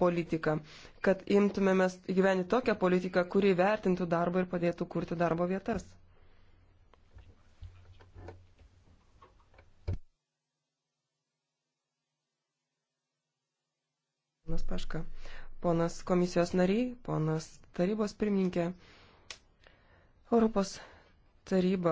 politiką, kad imtumėmės gyventi tokią politiką, kuri vertintų darbą ir padėtų kurti darbo vietas. Ponas Paška, ponas komisijos nariai, ponas tarybos pirmininkė, Europos taryba.